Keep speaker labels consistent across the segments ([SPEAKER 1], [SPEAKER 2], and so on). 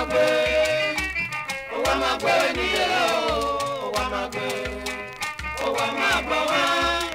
[SPEAKER 1] magbe Oh, I'm a òwa Oh, I'm a wá.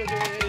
[SPEAKER 1] Okay.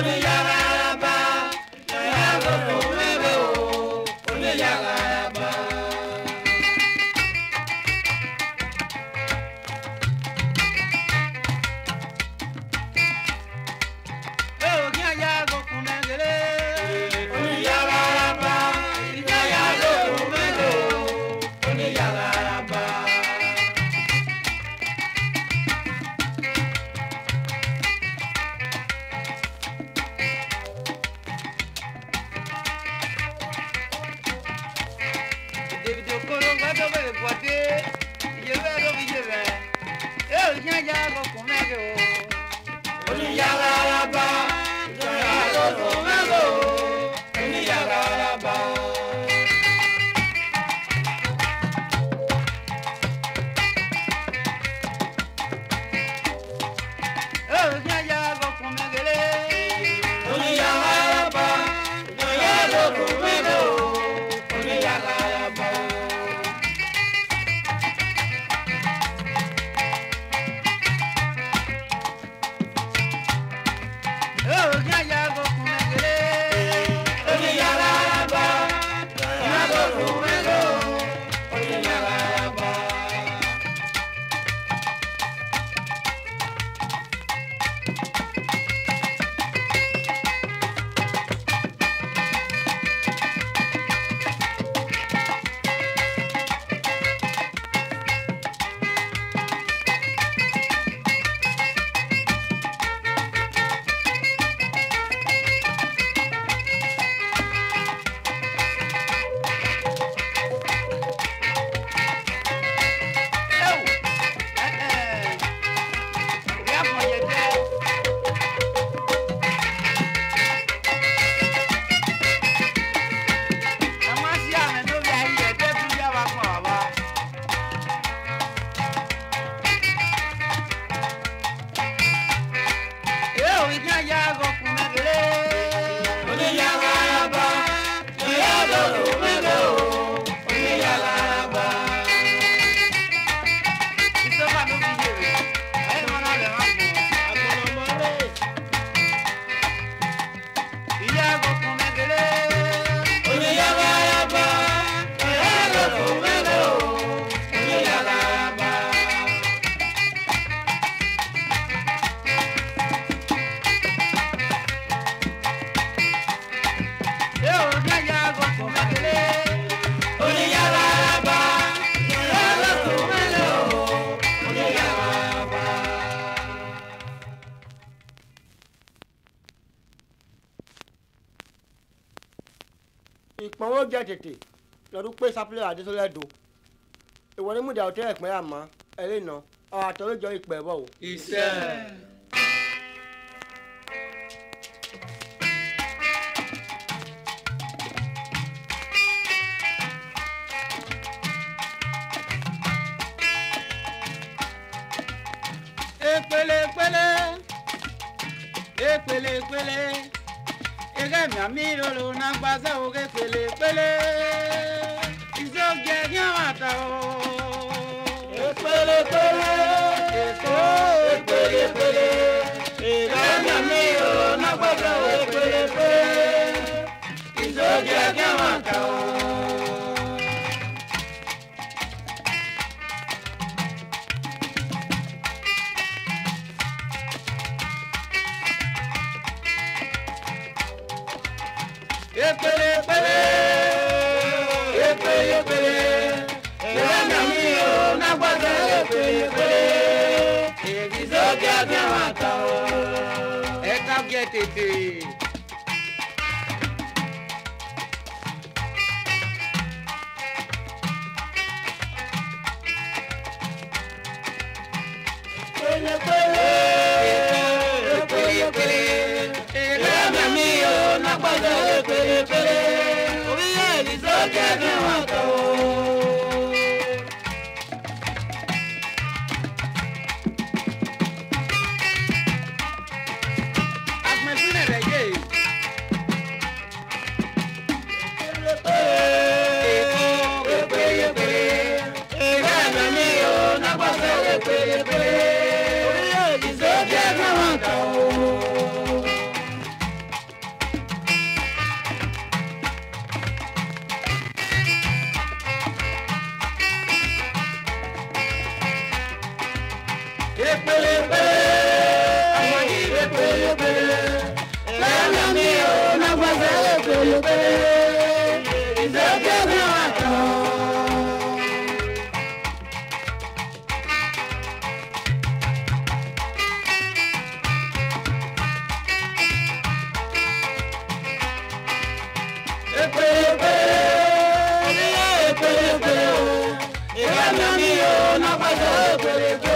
[SPEAKER 1] Olhar do be ko Oh, God. jẹ́ tètè lọ́dún pé sápẹ́lẹ̀ àdésọ́lẹ́dọ̀ ìwọ ní múdà ọ̀tẹ́ ẹ̀pẹ́ àmọ́ ẹlẹ́nà àtọ́lójọ ìpẹ́ bọ̀ o. ìṣẹ́. epele epele epele epele kẹmí àmì ìrọ̀lù náà gbàṣẹ́ òkè pélépélé iṣẹ́ òkè ní àwọn àtà o. pélépélé èkó pélépélé mi àmì ìrọ̀lù náà gbàṣẹ́ òkè pélépélé iṣẹ́ òkè ní àwọn àtà o. Hey. Hey, Billy. mi ò náà pàṣẹ òkèlè.